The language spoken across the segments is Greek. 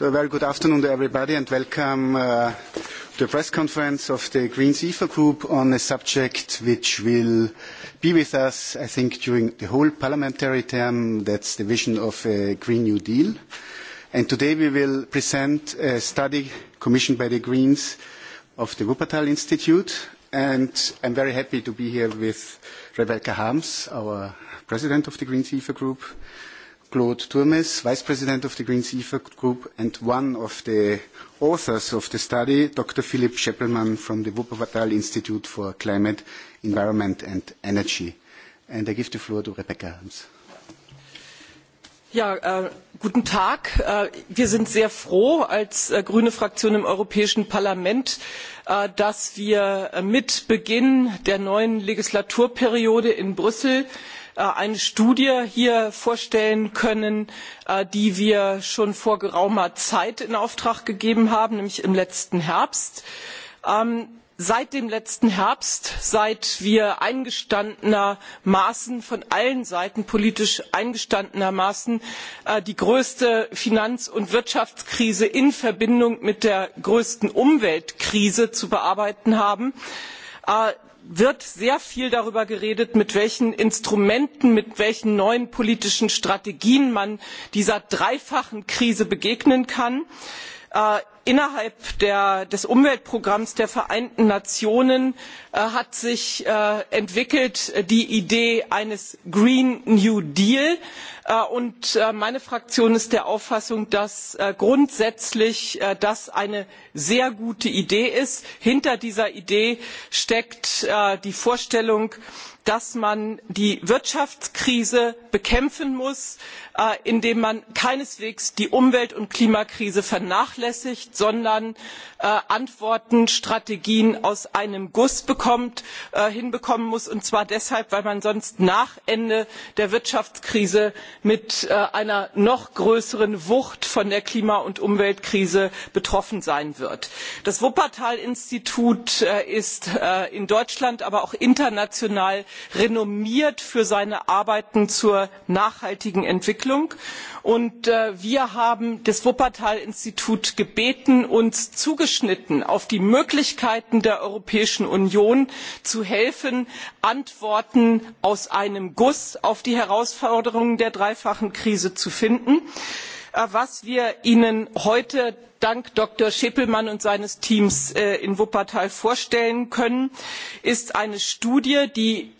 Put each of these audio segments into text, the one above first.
So a very good afternoon to everybody and welcome to the press conference of the Greens EFA Group on a subject which will be with us, I think, during the whole parliamentary term. That's the vision of a Green New Deal. And today we will present a study commissioned by the Greens of the Wuppertal Institute. And I'm very happy to be here with Rebecca Harms, our president of the Greens EFA Group Claude Turmes, Vice President of the Green EFA Group, and one of the authors of the study, Dr. Philipp Scheppelmann from the Wuppertal Institute for Climate, Environment and Energy. And I give the floor to Rebecca Harms. Ja, guten Tag. Wir sind sehr froh als grüne Fraktion im Europäischen Parlament, dass wir mit Beginn der neuen Legislaturperiode in Brüssel eine studie hier vorstellen können die wir schon vor geraumer zeit in auftrag gegeben haben nämlich im letzten herbst. seit dem letzten herbst seit wir eingestandenermaßen von allen seiten politisch eingestandenermaßen die größte finanz und wirtschaftskrise in verbindung mit der größten umweltkrise zu bearbeiten haben wird sehr viel darüber geredet mit welchen instrumenten mit welchen neuen politischen strategien man dieser dreifachen krise begegnen kann innerhalb des umweltprogramms der vereinten nationen hat sich die idee eines green new deal entwickelt, und meine fraktion ist der auffassung dass das grundsätzlich eine sehr gute idee ist. hinter dieser idee steckt die vorstellung dass man die wirtschaftskrise bekämpfen muss indem man keineswegs die umwelt und klimakrise vernachlässigt sondern antworten strategien aus einem guss hinbekommen muss und zwar deshalb weil man sonst nach ende der wirtschaftskrise mit einer noch größeren wucht von der klima und umweltkrise betroffen sein wird. das wuppertal institut ist in deutschland aber auch international renommiert für seine arbeiten zur nachhaltigen entwicklung und wir haben das wuppertal institut gebeten uns zugeschnitten auf die möglichkeiten der europäischen union zu helfen antworten aus einem guss auf die herausforderungen der dreifachen krise zu finden was wir ihnen heute dank dr Schippelmann und seines teams in wuppertal vorstellen können ist eine studie die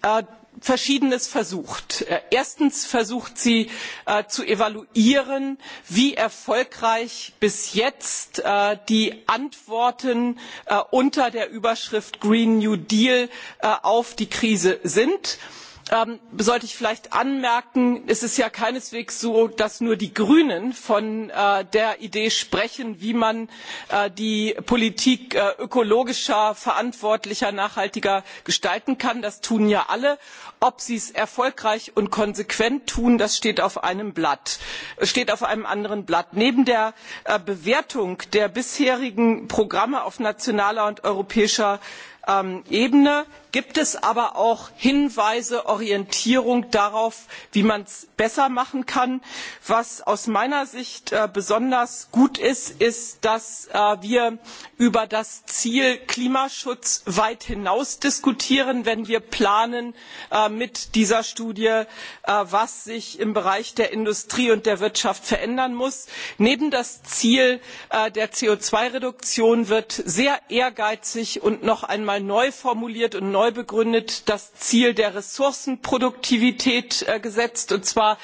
verschiedenes versucht erstens versucht sie zu evaluieren wie erfolgreich bis jetzt die antworten unter der überschrift green new deal auf die krise sind sollte ich vielleicht anmerken es ist ja keineswegs so dass nur die grünen von der idee sprechen wie man die politik ökologischer verantwortlicher nachhaltiger gestalten kann das tun ja alle. ob sie es erfolgreich und konsequent tun das steht auf einem anderen blatt. neben der bewertung der bisherigen programme auf nationaler und europäischer ebene gibt es aber auch hinweise orientierung darauf wie man es besser machen kann. was aus meiner sicht besonders gut ist ist dass wir über das ziel klimaschutz weit hinaus diskutieren wenn wir mit dieser studie planen was sich im bereich der industrie und der wirtschaft verändern muss. neben das ziel der co zwei reduktion wird sehr ehrgeizig und noch einmal neu formuliert und neu begründet das ziel der ressourcenproduktivität gesetzt und zwar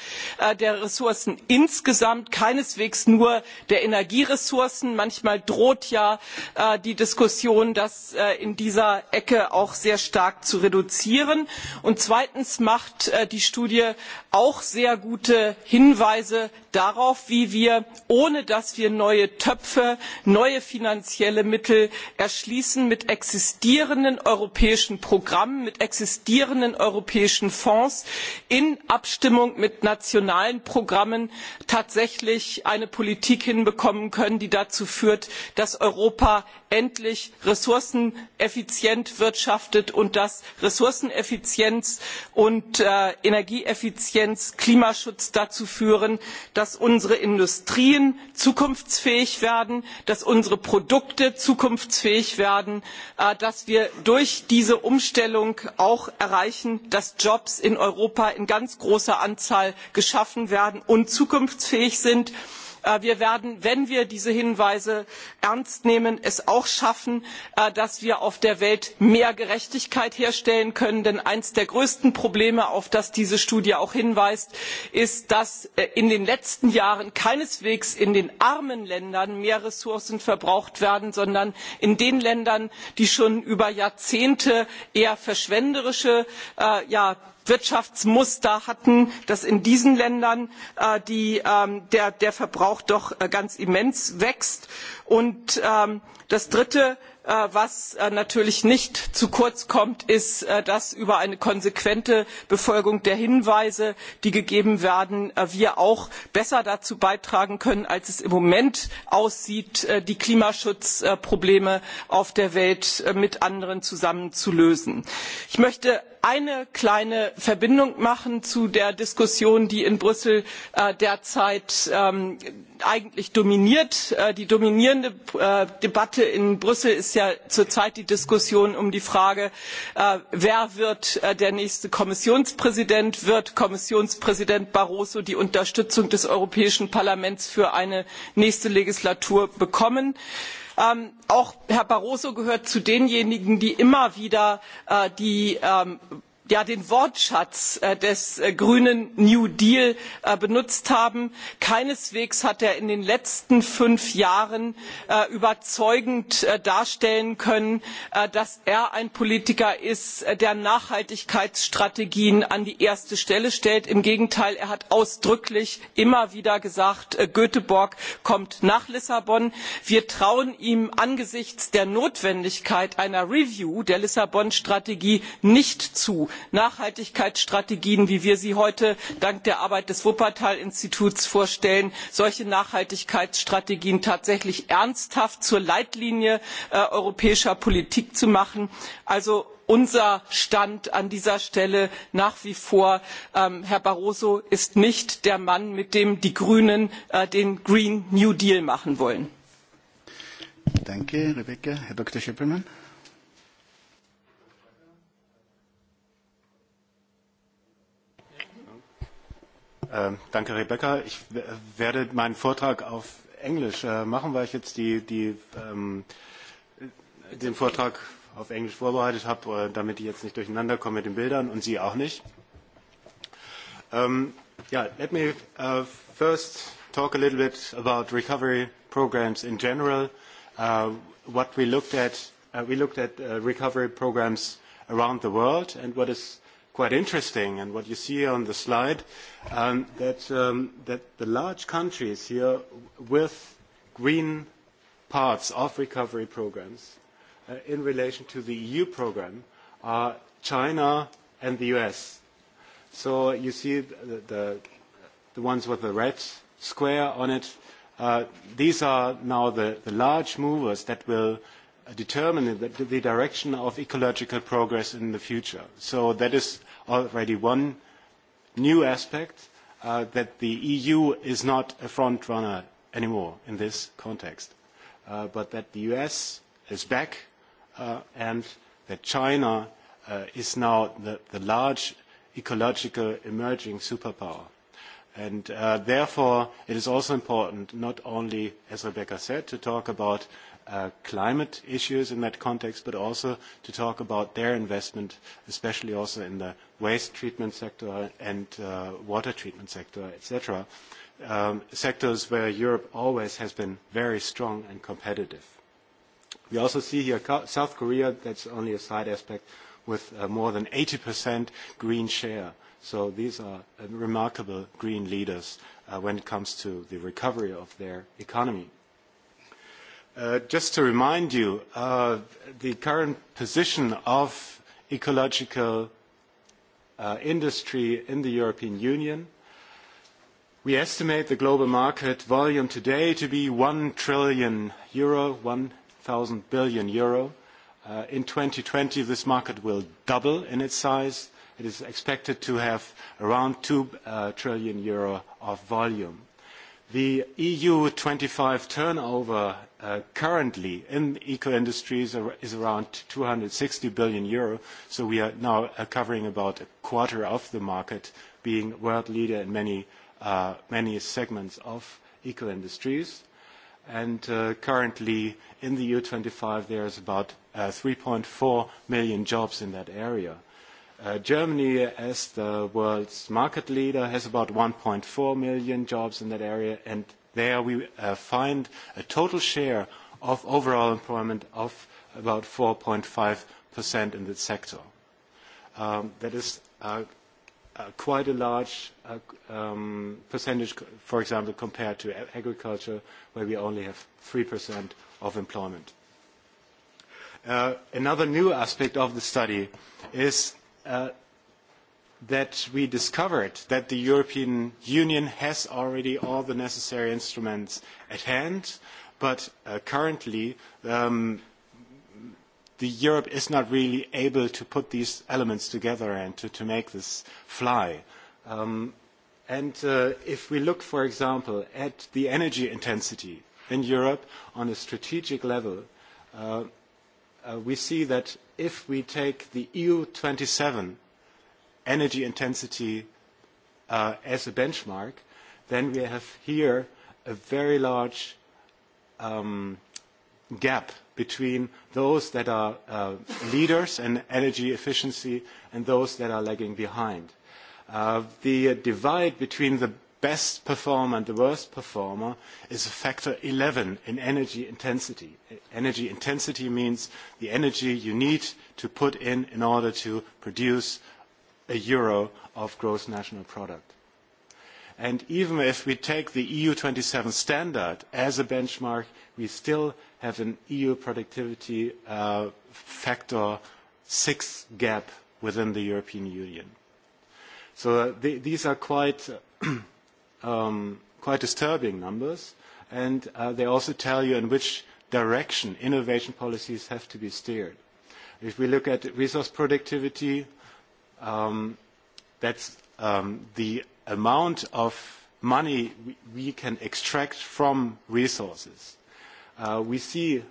der ressourcen insgesamt keineswegs nur der energieressourcen. manchmal droht ja die diskussion das in dieser ecke auch sehr stark zu reduzieren. und zweitens macht die studie auch sehr gute hinweise darauf wie wir ohne dass wir neue töpfe neue finanzielle mittel erschließen mit existierenden existierenden europäischen programmen mit existierenden europäischen fonds in abstimmung mit nationalen programmen tatsächlich eine politik hinbekommen können die dazu führt dass europa endlich ressourceneffizient wirtschaftet und dass ressourceneffizienz und energieeffizienz klimaschutz dazu führen dass unsere industrien zukunftsfähig werden dass unsere produkte zukunftsfähig werden dass wir durch diese umstellung auch erreichen dass jobs in europa in ganz großer anzahl geschaffen werden und zukunftsfähig sind wir werden wenn wir diese hinweise ernst nehmen es auch schaffen dass wir auf der welt mehr gerechtigkeit herstellen können denn eines der größten probleme auf das diese studie auch hinweist ist dass in den letzten jahren keineswegs in den armen ländern mehr ressourcen verbraucht werden sondern in den ländern die schon über jahrzehnte eher verschwenderische wirtschaftsmuster hatten dass in diesen ländern der verbrauch doch ganz immens wächst. und das dritte was natürlich nicht zu kurz kommt ist dass wir über eine konsequente befolgung der hinweise die gegeben werden auch besser dazu beitragen können als es im moment aussieht die klimaschutzprobleme auf der welt mit anderen zusammen zu lösen. ich möchte eine kleine verbindung machen zu der diskussion die in brüssel derzeit eigentlich dominiert. die dominierende debatte in brüssel ist ja zurzeit die diskussion um die frage wer wird der nächste kommissionspräsident? wird kommissionspräsident barroso die unterstützung des europäischen parlaments für eine nächste legislatur bekommen? auch herr barroso gehört zu denjenigen die immer wieder die den wortschatz des grünen new deal benutzt haben keineswegs hat er in den letzten fünf jahren überzeugend darstellen können dass er ein politiker ist der nachhaltigkeitsstrategien an die erste stelle stellt. im gegenteil er hat ausdrücklich immer wieder gesagt göteborg kommt nach lissabon. wir trauen ihm angesichts der notwendigkeit einer review der lissabon strategie nicht zu nachhaltigkeitsstrategien wie wir sie heute dank der arbeit des wuppertal instituts vorstellen solche nachhaltigkeitsstrategien tatsächlich ernsthaft zur leitlinie europäischer politik zu machen. also unser stand an dieser stelle nach wie vor herr barroso ist nicht der mann mit dem die grünen den green new deal machen wollen. danke rebecca. herr dr. Danke, Rebecca. Ich werde meinen Vortrag auf Englisch machen, weil ich jetzt den Vortrag auf Englisch vorbereitet habe, damit ich jetzt nicht durcheinander komme mit den Bildern und Sie auch nicht. Yeah, let me first talk a little bit about recovery programs in general. What we looked at, we looked at recovery programs around the world and what is quite interesting. And what you see on the slide, that the large countries here with green parts of recovery programs in relation to the EU program are China and the US. So you see the ones with the red square on it. These are now the large movers that will determine the direction of ecological progress in the future. So that is already one new aspect that the EU is not a front runner anymore in this context, but that the US is back and that China is now the large ecological emerging superpower. And therefore, it is also important not only, as Rebecca said, to talk about climate issues in that context, but also to talk about their investment, especially also in the waste treatment sector and water treatment sector, etc., sectors where Europe always has been very strong and competitive. We also see here South Korea, that's only a side aspect, with more than 80% green share. So these are remarkable green leaders when it comes to the recovery of their economy. Just to remind you, the current position of ecological industry in the European Union, we estimate the global market volume today to be 1 trillion euro, 1,000 billion euro. In 2020, this market will double in its size. It is expected to have around 2 trillion euro of volume. The EU 25 turnover currently in eco-industries is around 260 billion euro, so we are now covering about a quarter of the market, being world leader in many segments of eco-industries. And currently in the EU 25 there is about 3.4 million jobs in that area. Germany, as the world's market leader, has about 1.4 million jobs in that area, and there we find a total share of overall employment of about 4.5% in that sector. That is quite a large percentage, for example, compared to agriculture, where we only have 3% of employment. Another new aspect of the study is that we discovered that the European Union has already all the necessary instruments at hand, but currently Europe is not really able to put these elements together and to make this fly. And if we look, for example, at the energy intensity in Europe on a strategic level, we see that if we take the EU 27 energy intensity as a benchmark, then we have here a very large gap between those that are leaders in energy efficiency and those that are lagging behind. The divide between the best performer and the worst performer is a factor 11 in energy intensity. Energy intensity means the energy you need to put in in order to produce a euro of gross national product. And even if we take the EU27 standard as a benchmark, we still have an EU productivity factor 6 gap within the European Union. So these are quite quite disturbing numbers, and they also tell you in which direction innovation policies have to be steered. If we look at resource productivity, that's the amount of money we can extract from resources. We see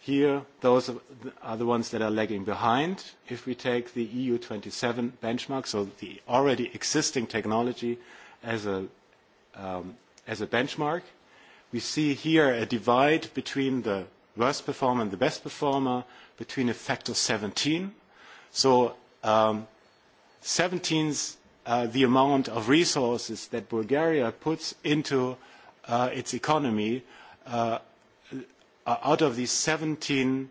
here those are the ones that are lagging behind. If we take the EU 27 benchmark, so the already existing technology as a as a benchmark. We see here a divide between the worst performer and the best performer between a factor 17. So 17 is the amount of resources that Bulgaria puts into its economy. Out of these 17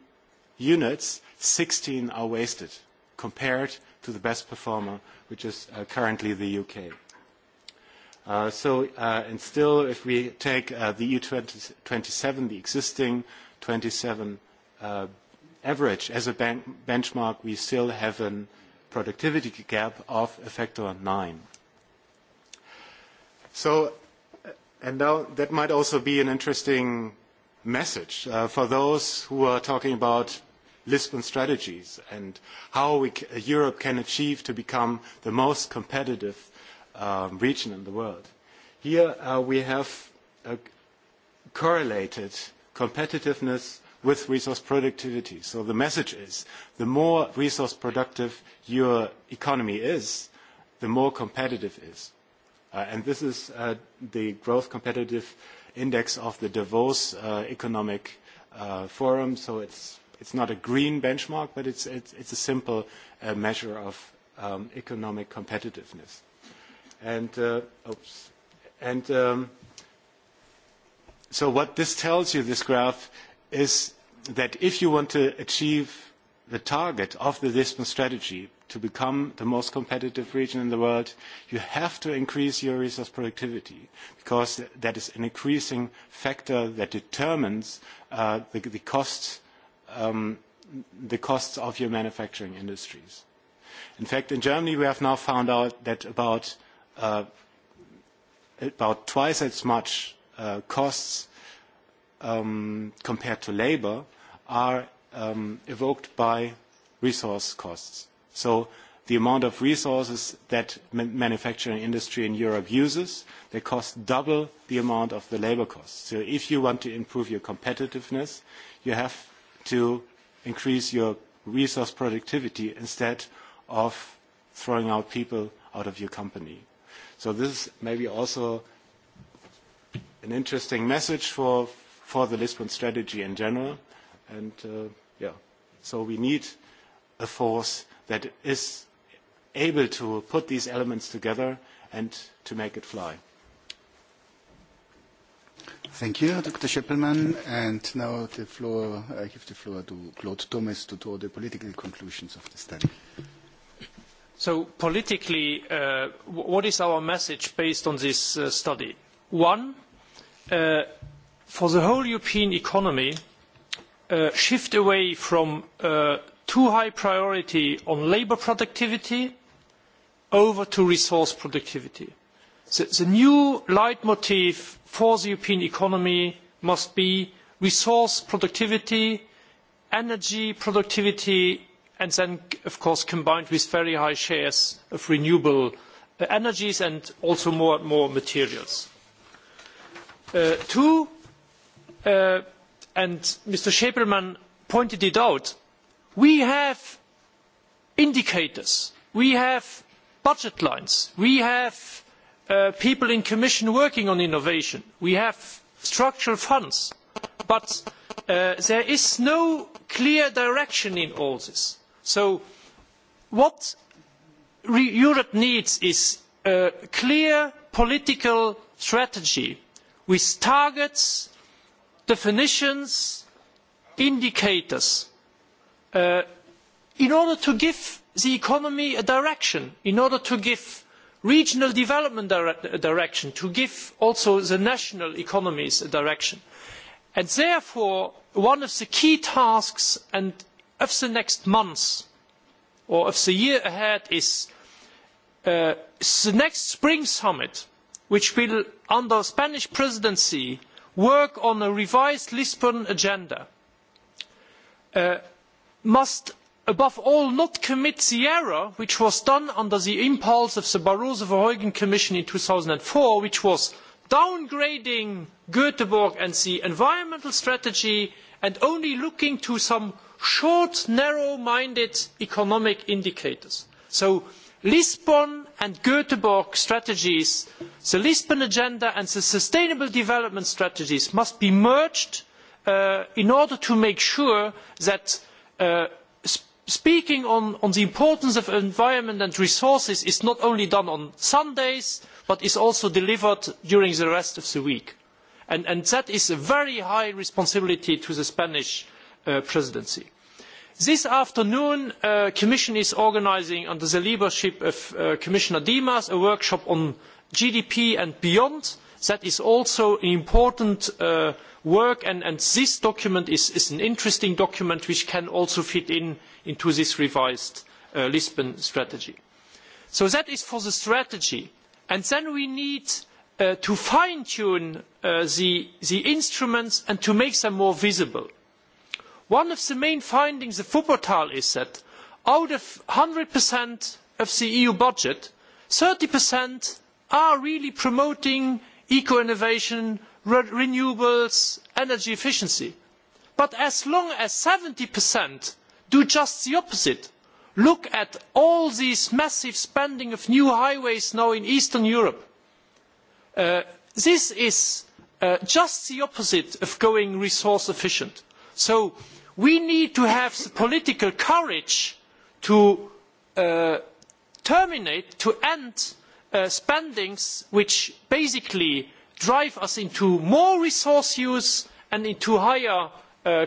units, 16 are wasted compared to the best performer, which is currently the UK. So, and still, if we take the EU 27, the existing 27 average as a benchmark, we still have a productivity gap of a factor of nine. So, and now that might also be an interesting message for those who are talking about Lisbon strategies and how Europe can achieve to become the most competitive region in the world. Here we have correlated competitiveness with resource productivity. So the message is the more resource productive your economy is, the more competitive it is. And this is the growth competitive index of the Davos Economic Forum. So it's it's not a green benchmark, but it's a simple measure of economic competitiveness. And so what this tells you, this graph, is that if you want to achieve the target of the Lisbon strategy to become the most competitive region in the world, you have to increase your resource productivity because that is an increasing factor that determines the costs of your manufacturing industries. In fact, in Germany, we have now found out that about about twice as much costs compared to labor are evoked by resource costs. So the amount of resources that manufacturing industry in Europe uses, they cost double the amount of the labor costs. So if you want to improve your competitiveness, you have to increase your resource productivity instead of throwing out people out of your company. So this is maybe also an interesting message for for the Lisbon strategy in general. And yeah, so we need a force that is able to put these elements together and to make it fly. Thank you, Dr. Scheppelmann. And now the floor, I give the floor to Claude Thomas to draw the political conclusions of the study. So politically, what is our message based on this study? One, for the whole European economy, shift away from too high priority on labour productivity over to resource productivity. The new leitmotif for the European economy must be resource productivity, energy productivity and then of course combined with very high shares of renewable energies and also more and more materials. Two, and Mr. Schaperman pointed it out, we have indicators, we have budget lines, we have people in commission working on innovation, we have structural funds, but there is no clear direction in all this. So what Europe needs is a clear political strategy with targets, definitions, indicators in order to give the economy a direction, in order to give regional development a direction, to give also the national economies a direction. And therefore, one of the key tasks and of the next months or of the year ahead is the next spring summit which will under the spanish presidency work on a revised lisbon agenda must above all not commit the error which was done under the impulse of the barroso verheugen commission in 2004, which was downgrading göteborg and the environmental strategy and only looking to some short, narrow-minded economic indicators. So Lisbon and Göteborg strategies, the Lisbon agenda and the sustainable development strategies must be merged in order to make sure that speaking on the importance of environment and resources is not only done on Sundays, but is also delivered during the rest of the week and that is a very high responsibility to the Spanish presidency. This afternoon, the Commission is organising, under the leadership of Commissioner Dimas, a workshop on GDP and beyond. That is also important work, and this document is an interesting document which can also fit into this revised Lisbon strategy. So that is for the strategy. And then we need to fine tune the instruments and to make them more visible. One of the main findings of Wuppertal is that out of 100% of the EU budget, 30% are really promoting eco-innovation, renewables, energy efficiency. But as long as 70% do just the opposite, look at all this massive spending of new highways now in Eastern Europe. This is just the opposite of going resource efficient. So we need to have the political courage to terminate, to end spendings which basically drive us into more resource use and into higher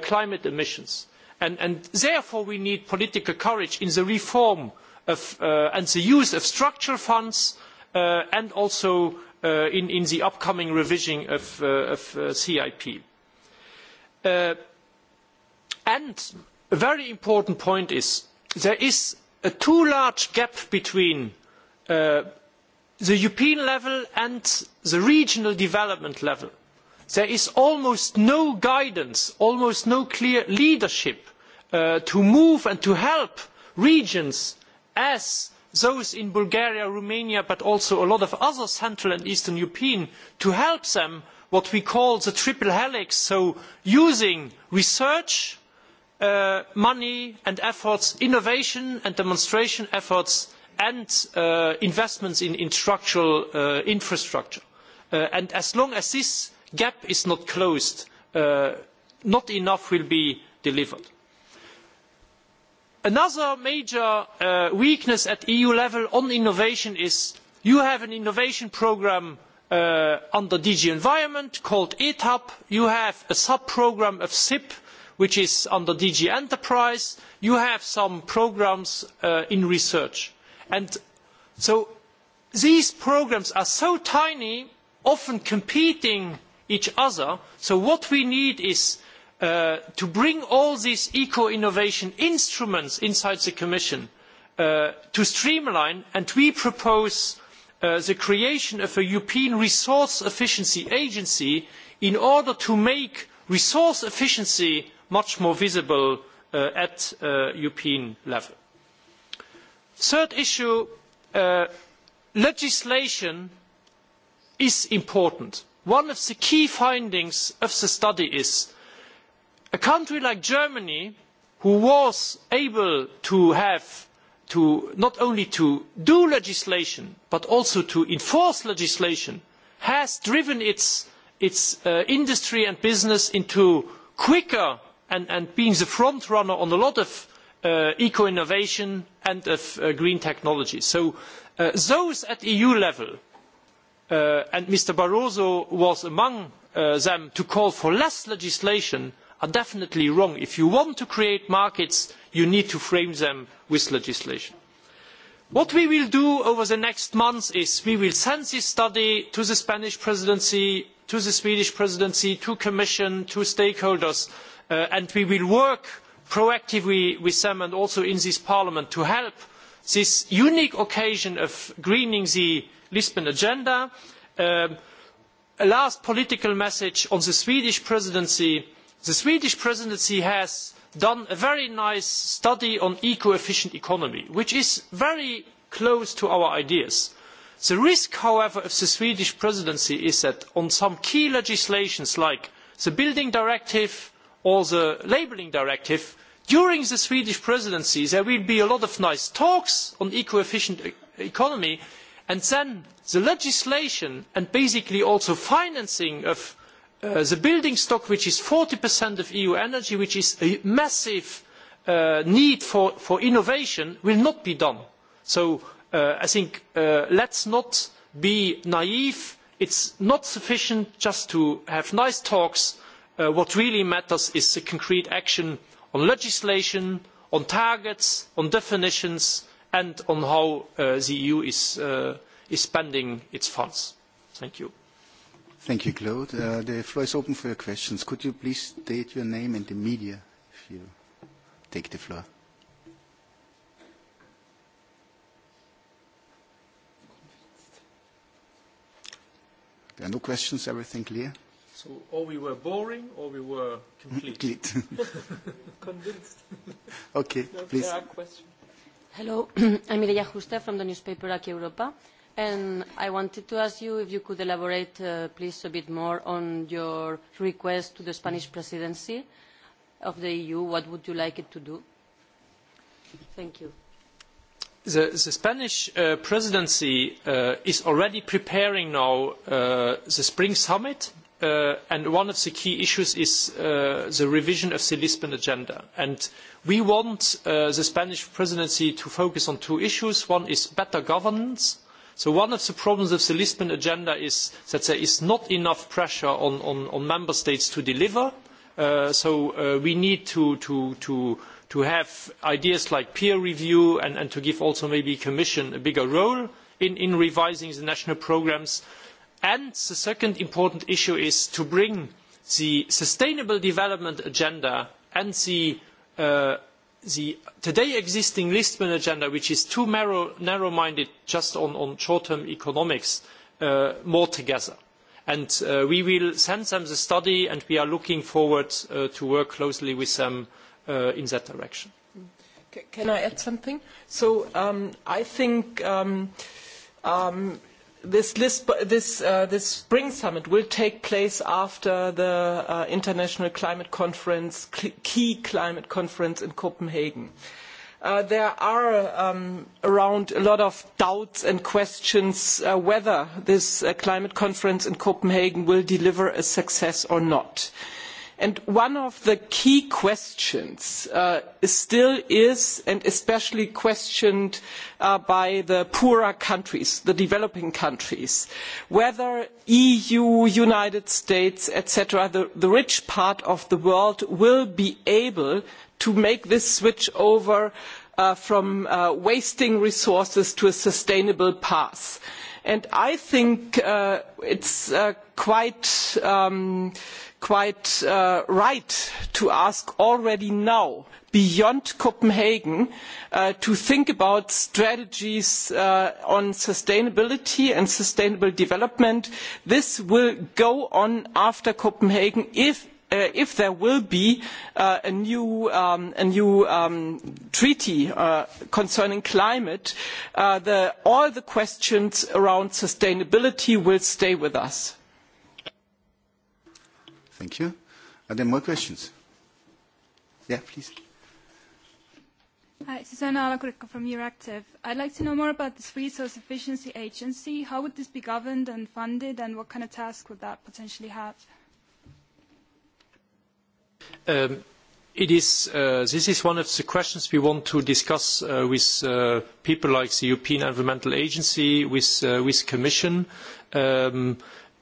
climate emissions. And therefore we need political courage in the reform and the use of structural funds and also in the upcoming revision of CIP. And a very important point is there is a too large gap between the European level and the regional development level. There is almost no guidance, almost no clear leadership to move and to help regions as those in Bulgaria, Romania, but also a lot of other Central and Eastern European, to help them what we call the triple helix, so using research, money and efforts, innovation and demonstration efforts, and investments in structural infrastructure. And as long as this gap is not closed, not enough will be delivered another major weakness at eu level on innovation is you have an innovation programme under dg environment called etap you have a sub programme of sip which is under dg enterprise you have some programmes in research and so these programmes are so tiny often competing each other so what we need is to bring all these eco innovation instruments inside the commission to streamline and we propose the creation of a european resource efficiency agency in order to make resource efficiency much more visible at european level. third issue legislation is important. one of the key findings of the study is a country like germany who was able to have not only to do legislation but also to enforce legislation has driven its industry and business into quicker and being the front runner on a lot of eco innovation and of green technology. so those at eu level and mr barroso was among them to call for less legislation are definitely wrong. If you want to create markets, you need to frame them with legislation. What we will do over the next months is we will send this study to the Spanish Presidency, to the Swedish Presidency, to Commission, to stakeholders, and we will work proactively with them and also in this Parliament to help this unique occasion of greening the Lisbon agenda. A last political message on the Swedish Presidency the swedish presidency has done a very nice study on eco efficient economy which is very close to our ideas. the risk however of the swedish presidency is that on some key legislations like the building directive or the labelling directive during the swedish presidency there will be a lot of nice talks on eco efficient economy and then the legislation and basically also financing of the building stock which is 40% of eu energy which is a massive need for innovation will not be done so i think let's not be naive it's not sufficient just to have nice talks what really matters is the concrete action on legislation on targets on definitions and on how the eu is spending its funds thank you Thank you, Claude. The floor is open for your questions. Could you please state your name and the media if you take the floor? There are no questions. Everything clear? So or we were boring or we were complete. Convinced. Okay, please. Hello, I'm Mireia Justa from the newspaper Aki Europa and I wanted to ask you if you could elaborate, please, a bit more on your request to the Spanish presidency of the EU. What would you like it to do? Thank you. The Spanish presidency is already preparing now the spring summit, and one of the key issues is the revision of the Lisbon agenda. And we want the Spanish presidency to focus on two issues. One is better governance So one of the problems of the Lisbon agenda is that there is not enough pressure on member states to deliver. So we need to have ideas like peer review and to give also maybe the Commission a bigger role in revising the national programmes. And the second important issue is to bring the sustainable development agenda and the the today existing Lisbon agenda, which is too narrow-minded just on short-term economics, more together. And we will send them the study, and we are looking forward to work closely with them in that direction. Can I add something? So I think This spring summit will take place after the International Climate Conference, key climate conference in Copenhagen. There are around a lot of doubts and questions whether this climate conference in Copenhagen will deliver a success or not and one of the key questions still is and especially questioned by the poorer countries the developing countries whether eu united states etc the rich part of the world will be able to make this switch over from wasting resources to a sustainable path and i think it's quite quite right to ask already now beyond copenhagen to think about strategies on sustainability and sustainable development. this will go on after copenhagen if there will be a new treaty concerning climate all the questions around sustainability will stay with us. Thank you. Are there more questions? Yeah, please. Hi, Susanna Alakurikko from Euractiv. I'd like to know more about this Resource Efficiency Agency. How would this be governed and funded, and what kind of task would that potentially have? This is one of the questions we want to discuss with people like the European Environmental Agency, with Commission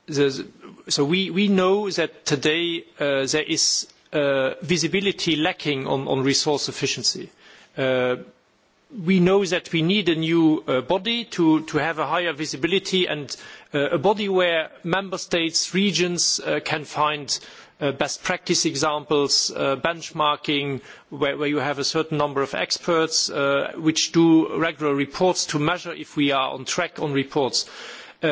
so we know that today there is visibility lacking on resource efficiency. We know that we need a new body to have a higher visibility and a body where member states, regions can find best practice examples, benchmarking, where you have a certain number of experts which do regular reports to measure if we are on track on reports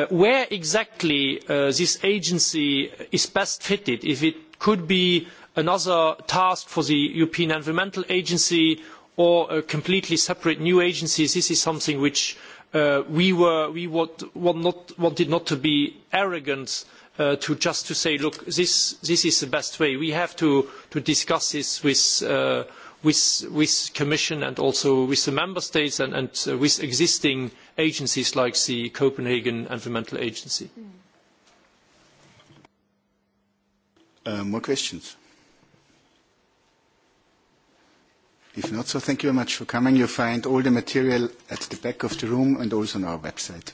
where exactly this agency is best fitted, if it could be another task for the European Environmental Agency or a completely separate new agency, this is something which we wanted not to be arrogant to just to say, look, this is the best way. We have to discuss this with Commission and also with the Member States and with existing agencies like the Copenhagen Environmental Agency. More questions? If not, so thank you very much for coming. You'll find all the material at the back of the room and also on our website.